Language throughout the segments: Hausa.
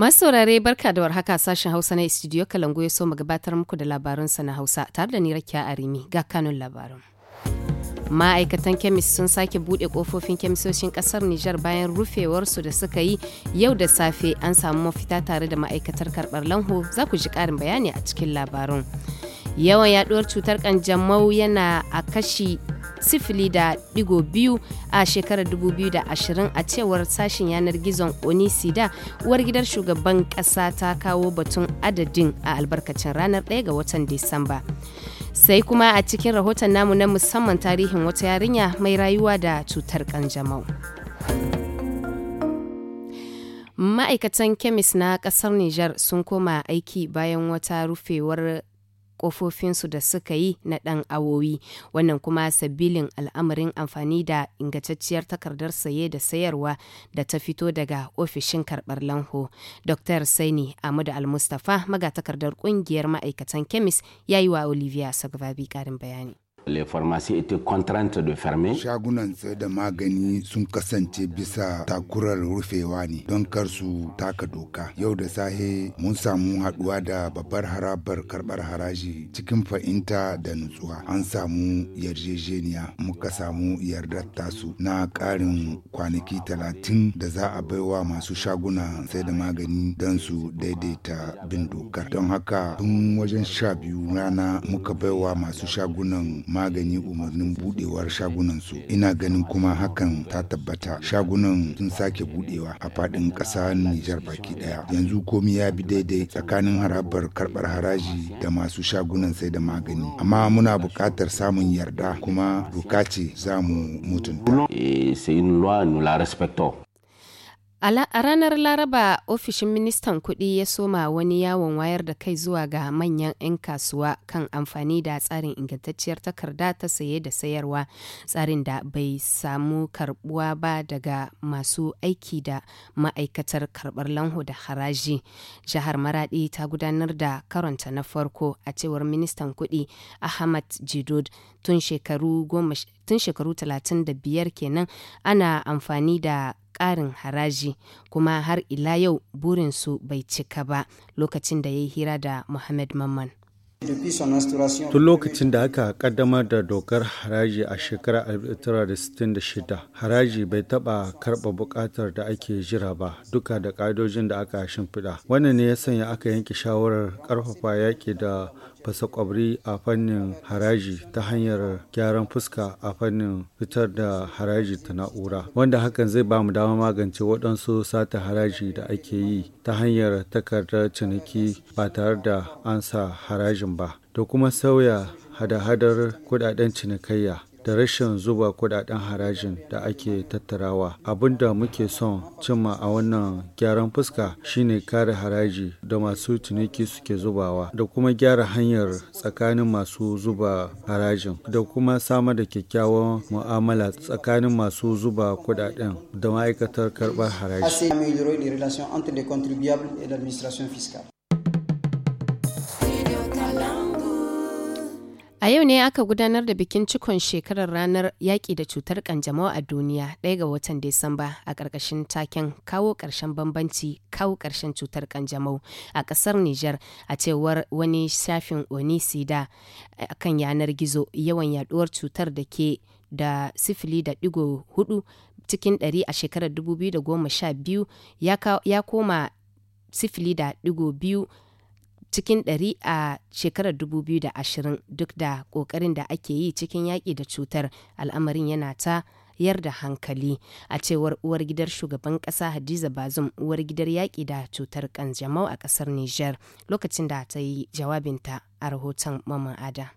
Masu saurare barka da warhaka sashen Hausa na Studio kalangu ya so mu gabatar muku da labarun na Hausa tare da ni Rakiya Arimi ga kanun labarun. ma'aikatan kemis sun sake bude kofofin kemisoshin kasar Nijar bayan rufewarsu da suka yi yau da safe an samu mafita tare da ma'aikatar karbar lanho za ku ji karin bayani a cikin labarun. Yawan yaduwar cutar kanjamau yana a kashi sifili da digo biyu a shekarar dubu biyu da 2020 a cewar sashen yanar gizon onisida uwar gidar shugaban ƙasa ta kawo batun adadin a albarkacin ranar 1 ga watan disamba sai kuma a cikin rahoton namu na musamman tarihin wata yarinya mai rayuwa da cutar kanjamau. ma'aikatan kemis na kasar Nijar sun koma aiki bayan wata rufewar kofofinsu da suka yi na ɗan awowi wannan kuma sabilin al'amarin amfani da ingantacciyar takardar saye da sayarwa da ta fito daga ofishin karɓar lanho dr saini amadu almustafa magatakardar ƙungiyar ma'aikatan kemis ya yi wa olivia sagbabi ƙarin bayani Les pharmacies étaient contraintes de fermer. Shagunan sayar da magani sun kasance bisa takurar rufewa ne don kar su taka doka. Yau da sahe mun samu haduwa da babbar harabar karbar haraji cikin fahimta da nutsuwa. An samu yarjejeniya muka samu yardar tasu na karin kwanaki talatin da za a baiwa masu shaguna sai da magani don su daidaita bin dokar. Don haka tun wajen sha biyu rana muka baiwa masu shagunan magani umarnin budewar shagunansu ina ganin kuma hakan ta tabbata shagunan sun sake budewa a faɗin ƙasa nijar baki ɗaya yanzu komi ya bi daidai tsakanin harabar karɓar haraji da masu shagunan sai da magani amma muna buƙatar samun yarda kuma doka ce za mu mutunta. Eh, A ranar Laraba, ofishin ministan kuɗi ya soma wani yawon wayar da kai zuwa ga manyan 'yan kasuwa kan amfani da tsarin ingantacciyar takarda ta saye da sayarwa, tsarin da bai samu karbuwa ba daga masu aiki da ma'aikatar karbar lanho da haraji. Jihar Maradi ta gudanar da karanta na farko a cewar ministan kuɗi Ahmad Jidod tun shekaru talatin da biyar kenan ana amfani da ƙarin haraji kuma har ila yau burinsu bai cika ba lokacin da ya yi hira da Muhammad Mamman. Tun lokacin da aka kaddamar da dokar haraji a shekarar 1966, haraji bai taɓa karba buƙatar da ake jira ba duka da ƙa'idojin da aka shimfiɗa. Wannan ne ya sanya aka yanke shawarar ƙarfafa yaƙi da Fasa kwabri a fannin haraji ta hanyar gyaran fuska a fannin fitar da haraji ta na'ura wanda hakan zai ba mu dama magance waɗansu sata haraji da ake yi ta hanyar takardar ciniki ba tare da an sa harajin ba da kuma sauya hada-hadar kudaden cinikayya da rashin zuba kudaden harajin da ake tattarawa abin da muke son cimma a wannan gyaran fuska shine kare haraji da masu ciniki suke zubawa da kuma gyara hanyar tsakanin masu zuba harajin da kuma samar da kyakkyawan mu'amala tsakanin masu zuba kudaden da ma'aikatar karbar haraji A yau ne aka gudanar da bikin cikon shekarar ranar yaƙi da cutar kanjamau a duniya ɗaya ga watan Disamba a ƙarƙashin taken kawo ƙarshen bambanci kawo ƙarshen cutar kanjamau a ƙasar Nijar a cewar wani shafin Onisida a kan yanar gizo yawan yaɗuwar cutar da ke da sifili da ɗigo hudu cikin ɗari a shekarar 2012 ya koma sifili da ɗigo biyu cikin ɗari a shekarar 2020 duk da ƙoƙarin da ake yi cikin yaƙi da cutar al'amarin yana ta yar da hankali a cewar uwar gidar shugaban ƙasa hadiza bazum uwar gidar yaƙi da cutar ƙanjamau a ƙasar niger lokacin da ta yi jawabinta a rahoton mamman ada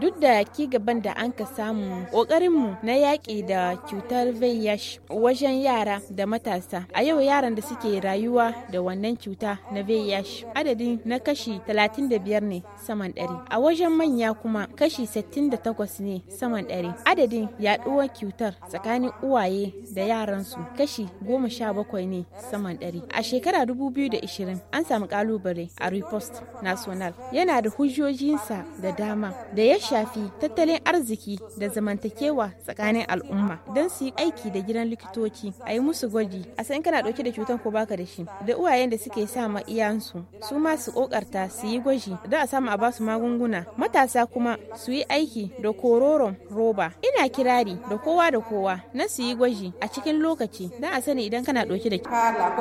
Duk da ki gaban da an ka samu ƙoƙarinmu na yaƙi da cutar VIH wajen yara da matasa. A yau yaran da suke rayuwa da wannan cuta na VIH adadin na kashi 35 ne saman ɗari. A wajen manya kuma kashi 68 ne saman ɗari. Adadin yaɗuwar cutar tsakanin uwaye da yaransu kashi 17 ne saman ɗari. A shekara 2020 an samu ƙalubale a Repost National. Yana da hujjoji manhajojinsa da dama da ya shafi tattalin arziki da zamantakewa tsakanin al'umma don su yi aiki da gidan likitoci a yi musu gwaji a san kana dauke da cutar ko baka da shi da uwayen da suke sa ma iyansu su ma su kokarta su yi gwaji don a samu a ba su magunguna matasa kuma su yi aiki da kororon roba ina kirari da kowa da kowa na su yi gwaji a cikin lokaci don a sani idan kana dauke da ah,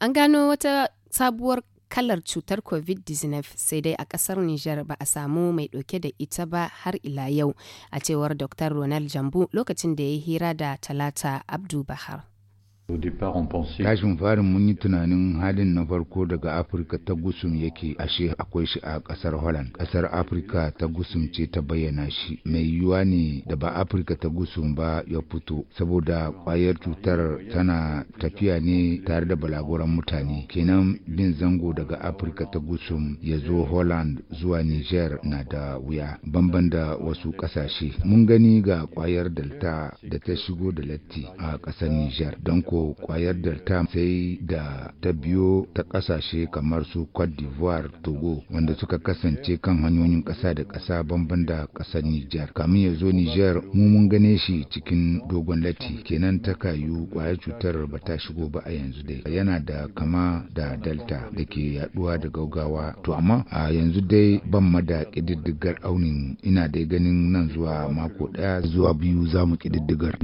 An gano wata sabuwar kalar cutar covid-19 sai dai a kasar Nijar ba a samu mai ɗauke da ita ba har ila yau a cewar Dr. Ronald Jambu lokacin da ya hira da Talata Abdu Bahar. Tashin farin mun yi tunanin halin na farko daga Afirka ta gusum yake ashe akwai shi a ƙasar Holland. Ƙasar Afirka ta gusum ce ta bayyana shi. Mai yiwuwa ne da ba Afirka ta gusum ba ya fito saboda kwayar cutar tana tafiya ne tare da balaguran mutane. Kenan bin zango daga Afirka ta gusum ya zo Holland zuwa Niger na da wuya. Bamban da wasu ƙasashe. Mun gani ga ƙwayar Delta da ta shigo da Latti a ƙasar Niger. Don ko kwayar delta sai da ta biyo ta kasashe kamar su cote d'ivoire togo wanda suka kasance kan hanyoyin kasa da kasa banban da kasar niger kamin ya zo niger mu mun gane shi cikin dogon latti kenan ta kayu kwayar cutar ba ta shigo ba a yanzu dai yana da kama da delta da ke yaduwa da gaugawa to amma a yanzu dai ban ma da kididdigar aunin ina dai ganin nan zuwa mako daya zuwa biyu za mu kididdigar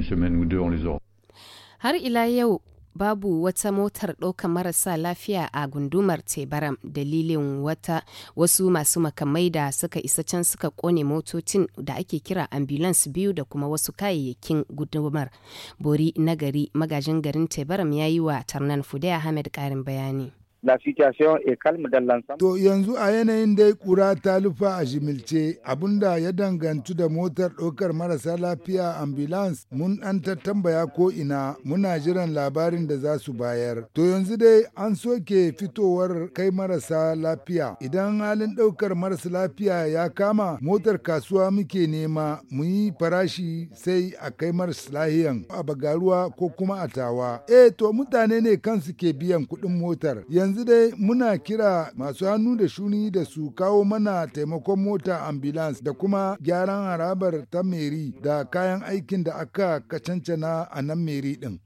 Har ila yau babu wata motar ɗaukar marasa lafiya a gundumar tebaram dalilin wata wasu masu makamai da suka isa can suka kone motocin da ake kira ambulance biyu da kuma wasu kayayyakin gudumar bori nagari magajin garin tebaram ya yi wa tarnan fude ahmed karin bayani la situation est calme dans l'ensemble. To yanzu a yanayin dai kura ta lufa a jimilce abinda ya dangantu da motar ɗaukar marasa lafiya ambulance mun an tambaya ko ina muna jiran labarin da za su bayar. To yanzu dai an soke fitowar kai marasa lafiya idan halin ɗaukar marasa lafiya ya kama motar kasuwa muke nema mu yi farashi sai a kai marasa lahiyan a bagaruwa ko kuma a tawa. Eh to mutane ne kansu ke biyan kuɗin motar yanzu dai muna kira masu hannu da shuni da su kawo mana taimakon mota ambulance da kuma gyaran harabar ta meri da kayan aikin da aka kacancana a nan meri din.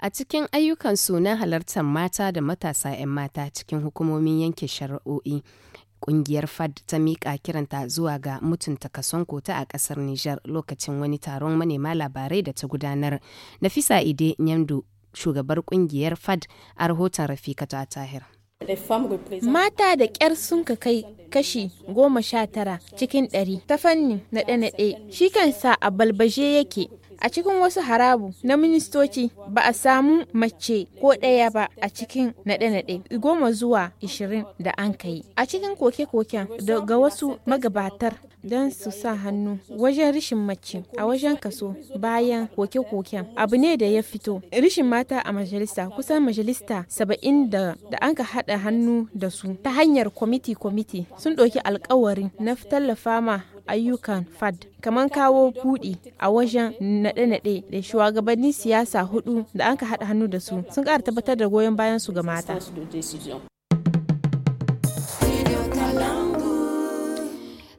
A cikin ayyukan suna halartar mata da matasa 'yan mata cikin hukumomin yanke shari'o'i, kungiyar FAD ta miƙa kiranta zuwa ga mutunta kason kota a ƙasar Nijar lokacin wani taron manema labarai da ta gudanar. Nafisa Ide Nyamdu shugabar kungiyar fad a rahoton rafika ta tahir Mata da ƙyar sun ka kai kashi goma sha tara cikin ɗari ta fannin naɗe-naɗe shi kansa a balbaje yake A cikin wasu harabu na ministoci ba a samu mace ko ɗaya ba a cikin naɗe-naɗe goma zuwa ishirin da an kai. A cikin koke-koken daga wasu magabatar don su sa hannu wajen rishin mace a wajen kaso bayan koke-koken abu ne da ya fito. Rishin mata a Majalista, kusan majalista saba'in da an ka haɗa hannu da su ta hanyar kwamiti-kwamiti sun ɗauki alkawarin na tallafa ma ayyukan fad kamar kawo buɗi a wajen naɗe-naɗe da shugabannin siyasa hudu da an ka haɗa hannu da su sun ƙara tabbatar da goyon bayan su ga mata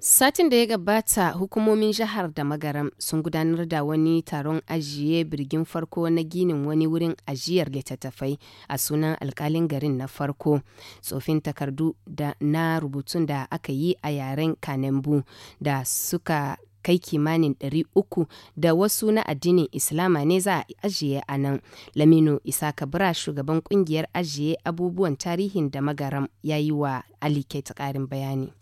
Satin da ya gabata hukumomin jihar da magaram sun gudanar da wani taron ajiye birgin farko na ginin wani wurin ajiyar littattafai a sunan alkalin garin na farko tsofin takardu da na rubutun da aka yi a yaren kanembu da suka kai kimanin ɗari uku da wasu na addinin islama ne za a ajiye a nan lamino isa shugaban kungiyar ajiye abubuwan tarihin da magaram ya yi wa ali ƙarin bayani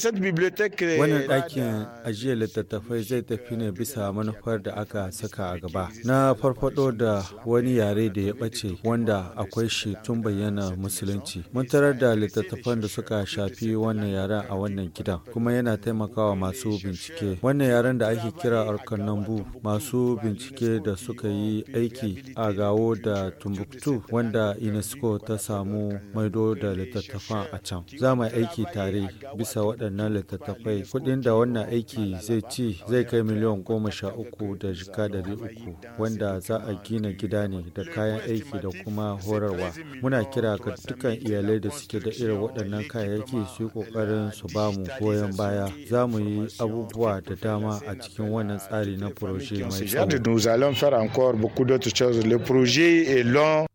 Wannan ɗakin ajiyar littattafai zai tafi ne bisa manufar da aka saka a gaba. Na farfado da wani yare da ya ɓace wanda akwai shi tun bayyana musulunci. Mun tarar da littattafan da suka shafi wannan yaren a wannan gidan kuma yana taimakawa masu bincike. Wannan yaren da ake kira arkanambu masu bincike da suka yi aiki a gawo da Tumbuktu wanda UNESCO ta samu maido da littattafan a can. Za mu aiki tare bisa waɗanda na littattafai kuɗin da wannan aiki zai ci zai kai miliyan goma sha uku da jika dari uku wanda za a gina gida ne da kayan aiki da kuma horarwa muna kira ga dukkan iyalai da suke da irin waɗannan kayayyaki su yi ƙoƙarin su ba mu goyon baya za mu yi abubuwa da dama a cikin wannan tsari na proje mai tsawo.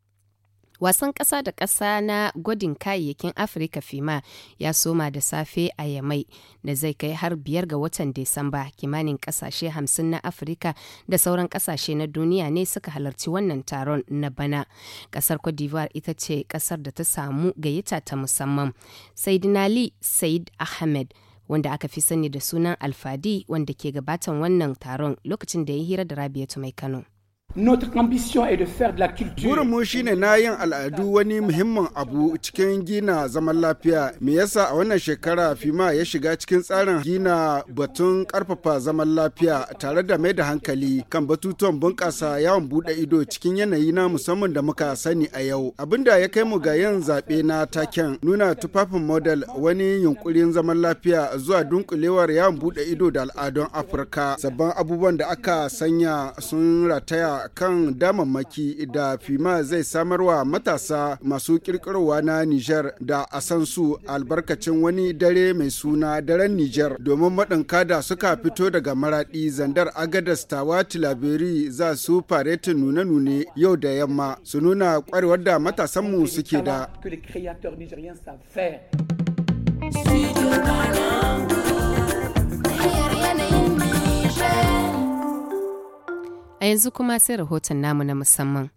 Wasan ƙasa da ƙasa na gwadin kayayyakin Afirka Fima ya soma da safe a Yamai da zai kai har biyar ga watan Desamba kimanin ƙasashe hamsin na Afirka da sauran ƙasashe na duniya ne suka halarci wannan taron na bana. Ƙasar Cote d'Ivoire ita ce ƙasar da ta samu gayyata ta musamman. Saidinali Said Ahmed. wanda aka fi sani da sunan alfadi wanda ke gabatan wannan taron lokacin da ya hira da rabiatu mai kano Burinmu shi ne na yin al'adu wani muhimmin abu cikin gina zaman lafiya. Me yasa a wannan shekara FIMA ya shiga cikin tsarin gina batun karfafa zaman lafiya tare da mai da hankali kan batutuwan bunƙasa yawon buɗe ido cikin yanayi na musamman da muka sani a yau. abinda da ya kai mu ga yin zaɓe na taken nuna tufafin model wani yunkurin zaman lafiya zuwa dunkulewar yawon buɗe ido da al'adun Afirka. Sabbin abubuwan da aka sanya sun rataya kan damammaki da fima zai samarwa matasa masu kirkirowa na Nijar da a san su albarkacin wani dare mai suna daren Nijar domin maɗinka da suka fito daga maraɗi zandar agadas tawa tilaberi za su faretin nune-nune yau da yamma su nuna ƙwarewar da matasanmu suke da. A yanzu kuma sai rahoton namu na musamman.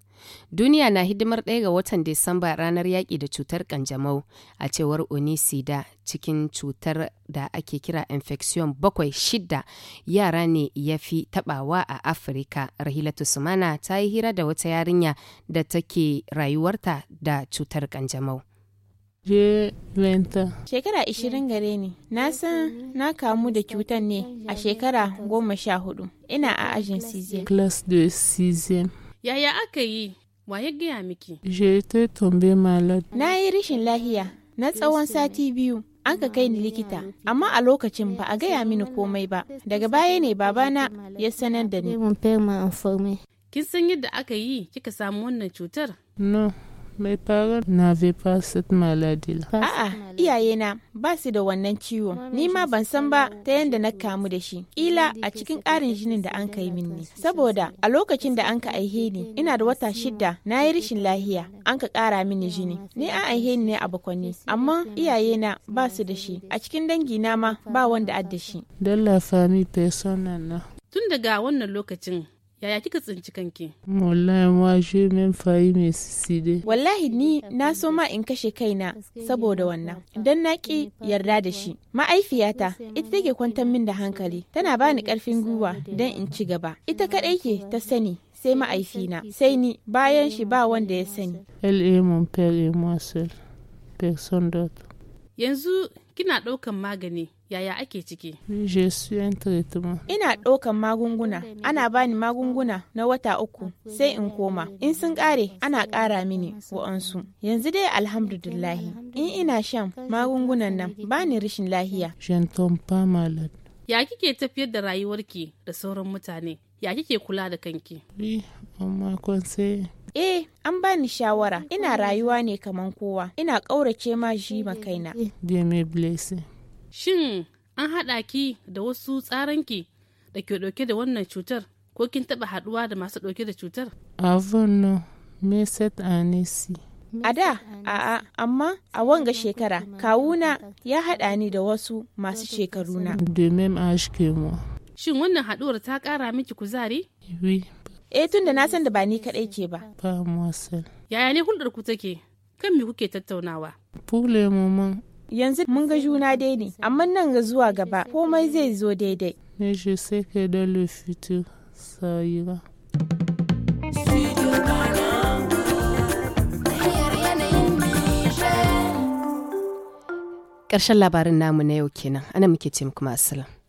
Duniya na hidimar ɗaya ga watan Disamba ranar yaƙi da cutar ƙanjamau a cewar Onisida cikin cutar da ake kira infection bakwai shida yara ne ya fi taɓawa a Afirka. rahila tusumana ta yi hira da wata yarinya da take rayuwarta da cutar ƙanjamau. Je Shekara ishirin gare ni, na san na kamu da cutar ne a shekara goma sha hudu. Ina a ajin Cesium. Class de Cesium. Yaya aka yi? Wa ya gaya miki? Je te tombe malade. Na yi rashin lahiya na tsawon sati biyu. An ka kai ni likita, amma a lokacin ba a gaya mini komai ba. Daga baya ne babana ya sanar da ni. Kin san yadda aka yi kika samu wannan cutar? No. mai parents n'avaient pas cette maladie-là. A'a, iyayena ba su da wannan ciwo. Ni ma ban san ba ta yadda na kamu da shi. Ila a cikin ƙarin jinin da an kai min ne. Saboda a lokacin da an ka aihe ni, ina da wata shida na yi rashin lahiya, an ka ƙara mini jini. Ni an aihe ni ne a bakwani. amma iyayena ba su da shi. A cikin dangi na ma ba wanda adda shi. Dalla fami personal na. Tun daga wannan lokacin yaya kika tsinci kanki wallahi ma shi min fayi mai sisi wallahi ni na so ma in kashe kaina saboda wannan dan na ki yarda da shi ma'aifiyata ita take kwantar min da hankali tana bani karfin gwiwa dan in ci gaba ita kadai ke ta sani sai ma'aifina sai ni bayan shi ba wanda ya sani yanzu kina ɗaukan magani yaya ake ciki? Ina ɗaukan magunguna, ana bani magunguna na wata uku sai in koma. In sun ƙare, ana ƙara mini wa'ansu. Yanzu dai alhamdulillahi, in ina shan magungunan nan bani rashin lahiya. Ya kike tafiyar da rayuwarki da sauran mutane? Ya kike kula da kanki? Eh, an bani shawara, ina rayuwa ne kaman kowa, ina ƙaurace ma shi makaina. Shin an haɗa ki da wasu tsaranki da ke ɗauke da wannan cutar ko kin taɓa haɗuwa da masu ɗauke da cutar? Avonu, me set anesi. A da, a'a, amma a wanga shekara, kawuna ya haɗa ni da wasu masu shekaruna. Domin a Shin wannan haɗuwar ta ƙara miki kuzari? Oui. Eh tun da na san da ba ni kaɗai ke ba. Ba Yaya ne hulɗar ku take? Kan me kuke tattaunawa? Fule moment, yanzu mun ga juna dai ne amma nan ga zuwa gaba komai zai zo daidai ne je sais da le futur, sa ira. Ƙarshen labarin namu na yau kenan, ana muke ce muku masu